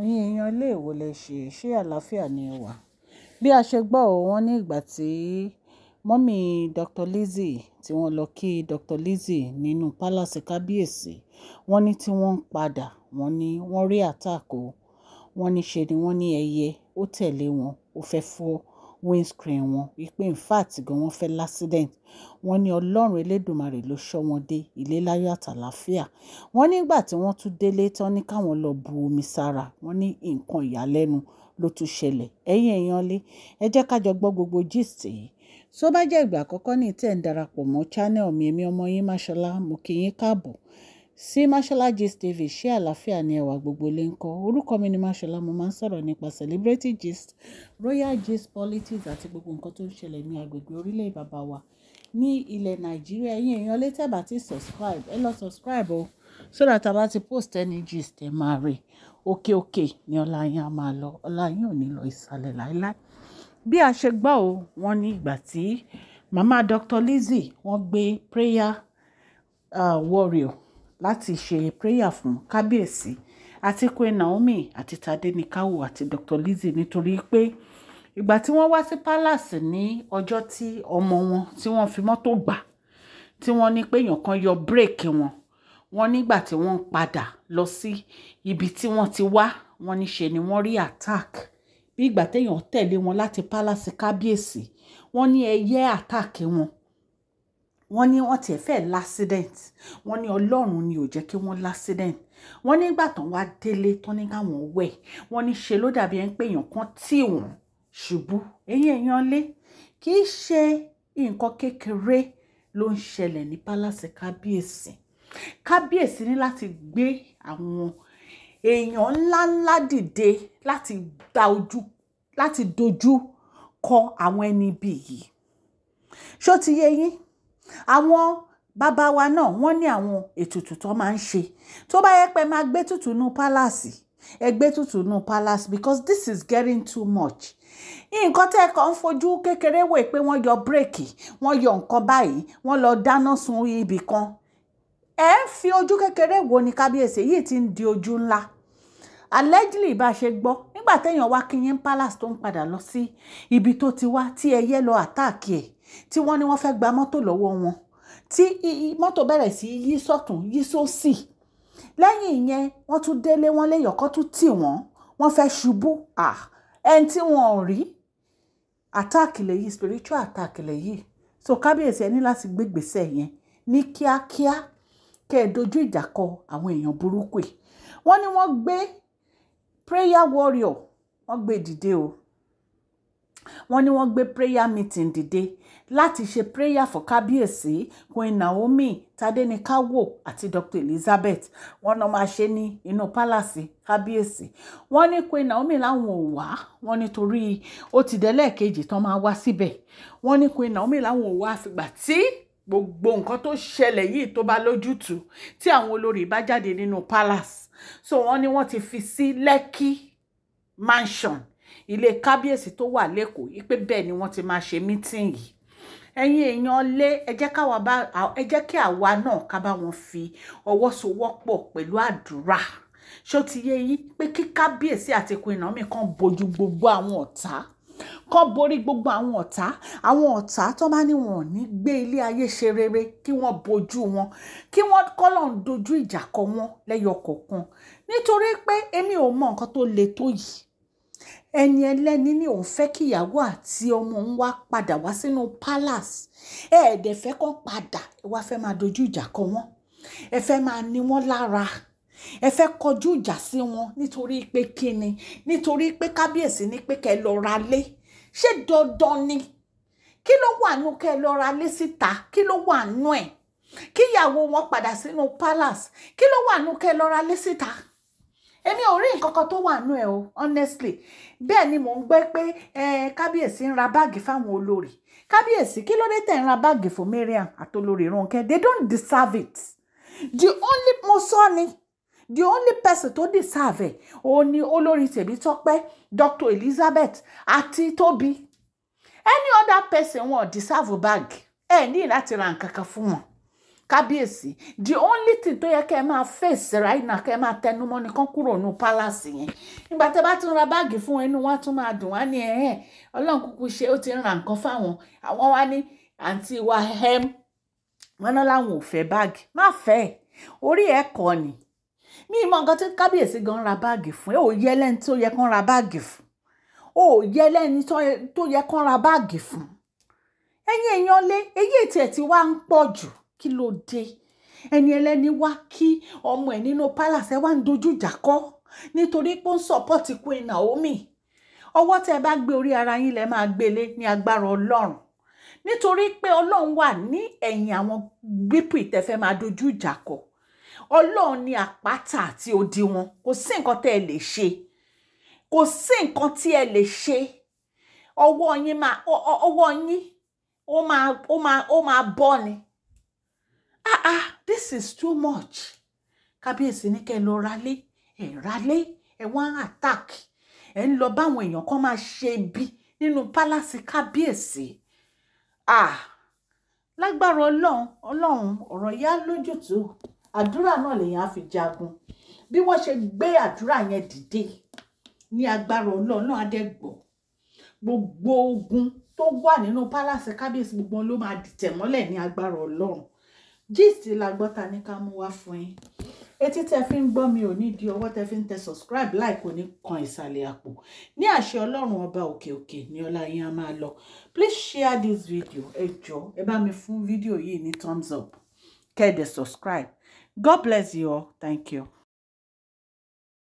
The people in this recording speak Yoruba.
Ẹ̀yin èèyàn ilé èwo lè ṣe? Ṣé àlàáfíà ni ẹ wà? Bí a ṣe gbọ́ o, wọ́n ní ìgbà tí mummy Dr. Lizzie tí wọ́n lọ kí Dr. Lizzie nínú palace Kábíyèsí, wọ́n ní tí wọ́n ń padà, wọ́n ní wọ́n rí attack o. Wọ́n ní ṣe ni wọ́n ní ẹyẹ ó tẹ̀lé wọn, ó fẹ́ fọ́ windscreen wọn wípé in fact gan wọ́n fẹ́ l'accident. Wọ́n ní Ọlọ́run Elédùmarè ló ṣọ́ wọn dé ilé láyọ̀ àtàlàáfíà. Wọ́n nígbà tí wọ́n tún délé tán ní káwọn lọ bu omi sára. Wọ́n ní nǹkan ìyàlẹ́nu ló tún ṣẹlẹ̀. Ẹ̀yin èèyàn lé, ẹ jẹ́ ká jọ gbọ́ gbogbo gist yìí. Tó bá jẹ́ ìgbà àkọ́kọ́ ní tẹ̀ ń darapọ̀ mọ́ channel mi, èmi ọmọ yín Máṣọlá, mo kí yín káàbọ̀ sí Mashola Gist TV ṣé àlàáfíà ni ẹwà gbogbo lè ń kọ́ orúkọ mi ni Mashola mo máa ń sọ̀rọ̀ nípa celebrity gist royal gist politics àti gbogbo nǹkan tó ń ṣẹlẹ̀ ní agbègbè orílẹ̀ bàbá wa ní ilẹ̀ Nàìjíríà ẹ̀yin èèyàn lè tẹ́ bá ti subscribe ẹ lọ subscribe o so that a ti post any gist ẹ máa rí òkè òkè ni ọlá yín á máa lọ ọlá yín ò ní lọ ìsàlẹ̀ láéláé bí a ṣe gbọ́ o wọ́n ní ìgbà tí màmá Dr. Lizzie wọ́n gbé prayer uh, warrior láti ṣe prayer fún kábíyèsí àti queen naomi àti tade nikawo àti dr lizzie nítorí pé ìgbà tí wọ́n wá sí palace ní ọjọ́ tí ọmọ wọn tí wọ́n fi mọ́tò gbà tí wọ́n ní pé èèyàn kan yọ bírèkì wọn wọ́n nígbà tí wọ́n ń padà lọ sí ibi tí wọ́n ti wá wọ́n níṣe ni wọ́n rí attack bí ìgbà téèyàn tẹ̀lé wọn láti palace kábíyèsí wọ́n ní ẹyẹ attack wọn wọ́n ní wọ́n tiẹ̀ fẹ́ẹ́ lásídẹ̀ǹt wọ́n ní ọlọ́run ni ò jẹ́ kí wọ́n lásídẹ̀ǹt wọ́n nígbà tán wá délé tán ní káwọn wẹ̀ wọ́n ní ṣe ló dàbí ẹni pé èèyàn kan tì wọ́n ṣubú eyín èèyàn lé kì í ṣe nǹkan kékeré ló ń ṣẹlẹ̀ ní pálásì kábíyèsí kábíyèsí ní láti gbé àwọn èèyàn ńláńlá dìde láti da ojú láti dojú kọ àwọn ẹni bí yìí ṣó ti yé yín Àwọn bàbá wa náà wọ́n ní àwọn ètùtù tó máa ń ṣe. Tó bá yẹ pé máa gbé tùtù nínú palace, ẹ gbé tùtù nínú palace because this is getting too much. Nǹkan tí ẹ kan ń fojú kékeré wò pé wọ́n yọ break, wọ́n yọ nǹkan báyìí, wọ́n lọ dáná sun ibì kan. Ẹ ń fi ojú kékeré wò ni kábíyèsí yìí ti ń di ojú ńlá. Allegedly bá ṣe gbọ́, nígbà téèyàn wá Kinyin Palace tó ń padà lọ sí ibi tó ti wá tí ẹyẹ lọ àtáàkì ẹ̀ tí wọ́n ní wọ́n fẹ́ gba mọ́tò lọ́wọ́ wọn tí mọ́tò bẹ̀rẹ̀ sí yí sọ́tún yí sósì lẹ́yìn ìyẹn wọ́n tún délé wọ́n léyọ̀kọ́ tún tì wọ́n wọ́n fẹ́ ṣubú ẹni tí wọ́n ò rí àtáàkì lèyí spiritual àtáàkì lèyí so kábíyèsí ẹ ní láti gbégbèsè yẹn ní kíákíá kẹ́ ẹ dojú ìjà kọ àwọn èèyàn burúkú yìí wọ́n ní wọ́n gbé prayer warrior wọ́n gbé dìde o wọ́n ní wọ́n gbé prayer meeting dìde láti ṣe prayer for kábíyèsí queen naomi tadéníkàwò àti dr elizabeth wọ́n náà máa ṣe ní inú pálàsì kábíyèsí wọ́n ní queen naomi láwọn ò wá wọ́n nítorí ó ti dẹ́lẹ̀ kejì tán máa wá síbẹ̀ wọ́n ní queen naomi láwọn ò wá àfìgbà tí gbogbo nǹkan tó ṣẹlẹ̀ yìí tó bá lójútùú tí àwọn olórí bá jáde nínú palace so wọ́n ní wọ́n ti fi sí Lekki mansion ilé kábíyèsí tó wà lẹ́kọ̀ọ́ ipe bẹ́ẹ̀ ni wọ́n ti máa ṣe mítìn yìí ẹ̀yin èèyàn lé ẹ jẹ́ káwa bá ẹ jẹ́ kí àwa náà ká bá wọn fi ọwọ́ sowọ́pọ̀ pẹ̀lú àdúrà ṣó ti yé yín pé kí kábíyèsí àti Queen Naomi kan bojú gbogbo àwọn ọ̀tá kọ́ borí gbogbo àwọn ọ̀tá àwọn ọ̀tá tó bá ní wọn ò ní gbé ilé ayé ṣe rere kí wọ́n bojú wọn kí wọ́n kọ́lọ̀ ń dojú ìjà kọ wọn lẹ́yọ kọ̀ọ̀kan nítorí pé èmi ò mọ nǹkan tó le tó yìí ẹni ẹlẹ́ni ni òun fẹ́ kí ìyàwó àti ọmọ òun wá padà wá sínú palace ẹ ẹ̀ dẹ̀ fẹ́ kán padà ẹ wá fẹ́ máa dojú ìjà kọ wọn ẹ fẹ́ máa ní wọn lára ẹ fẹ́ kọjú ìjà sí wọn nítorí pé kíni nítorí pé kábíyèsí ní pé kẹ́ lọ ra lé ṣé dandan ni kí ló wà nù kẹ́ ẹ lọ ra lé síta kí ló wà nù ẹ̀ kíyàwó wọn padà sínú palace kí ló wà nù kẹ́ ẹ lọ ra lé síta èmi ò rí nǹkan kan tó wà nù ẹ o honestly bẹ́ẹ̀ ni mò ń gbé pé kábíyèsí ń ra báàgì fáwọn olórí kábíyèsí kí ló dé tẹ̀ ń ra báàgì fún Mariam àtolórí Ronke they don't deserve it the only mo sọ ni the only person tó deserve ẹ̀ òun ni olórin Tèmítọ́pẹ́ Dr Elizabeth àti Tóbi any other person wọn deserve bag ẹ eh, ní láti ra nǹkan kan fún wọn kábíyèsí the only thing tó yẹ kẹ́ máa face right now kẹ́ ẹ máa tẹnumọ́ ni kán kúrò ní palace yẹn nígbà tẹ́ bá ti ra báàgì fún ẹnu wọn tún máa dùn wá ní ẹ̀hẹ́n ọlọ́run kúkú ṣe ó ti ń ra nǹkan fáwọn àwọn wá ní àǹtí wa ẹm wọn náà láwọn ò fẹ́ báàgì má fẹ́ orí ẹ̀ kọ́ ni mi mọ nǹkan tí kábíyèsí gan ra báàgì fún ẹ ò yẹ lẹ́ni tó yẹ kán ra báàgì fún ò yẹ lẹ́ni tó yẹ kán ra báàgì fún ẹ̀yin èèyàn lé eyín ètò ẹ̀ tí wá ń pọ̀ jù kí ló dé ẹni ẹlẹ́ni wá kí ọmọ ẹ̀ nínú palace ẹ wá ń dojú ìjà kọ́ nítorí pé ó ń support Queen Naomi ọwọ́ tẹ́ bá gbé orí ara yín lẹ máa gbélé ní agbára ọlọ́run nítorí pé ọlọ́run wà ní ẹ̀yìn àwọn gbípì tẹ́fẹ́ máa dojú ìjà kọ́ ọlọ́run ni àpáta àti odi wọn kò sí nǹkan tẹ́ ẹ lè ṣe kò sí nǹkan tí ẹ lè ṣe ọwọ́ yín máa ọwọ́ yín ó máa ó máa ó máa bọ́ ni ah ah this is too much kábíyèsí ní kẹ́ ẹ lọ ralé ẹ̀ ralé ẹ̀ wọ́n attack ẹ̀ ń lọ báwọn èèyàn kan máa ṣe ibi nínú pálásì kábíyèsí ah lágbára ọlọ́run ọlọ́run ọ̀rọ̀ yá lójútùú àdúrà náà lèyàn á fi jagun bí wọ́n ṣe gbé àdúrà yẹn dìde ní agbára ọlọ́run náà á dẹ̀ gbọ́ gbogbo ogun tó wà nínú pálásì kábíyèsí gbogbo ló máa dìtẹ̀ mọ́lẹ̀ ní agbára ọlọ́run gist la gbọ́ ta ní ká mú wá fún yín etí tẹ fi ń gbọ́ mi ò ní di ọwọ́ tẹ fi ń tẹ subscribe like kò ní kan ìsàlẹ̀ àpò ní àṣẹ ọlọ́run ọba òkè òkè ní ọlá yín á máa lọ please share this video ẹ jọ ẹ bá mi fún fídíò yìí ní thumbs up kẹ́ ẹ dẹ̀ subscribe God bless you all. Thank you.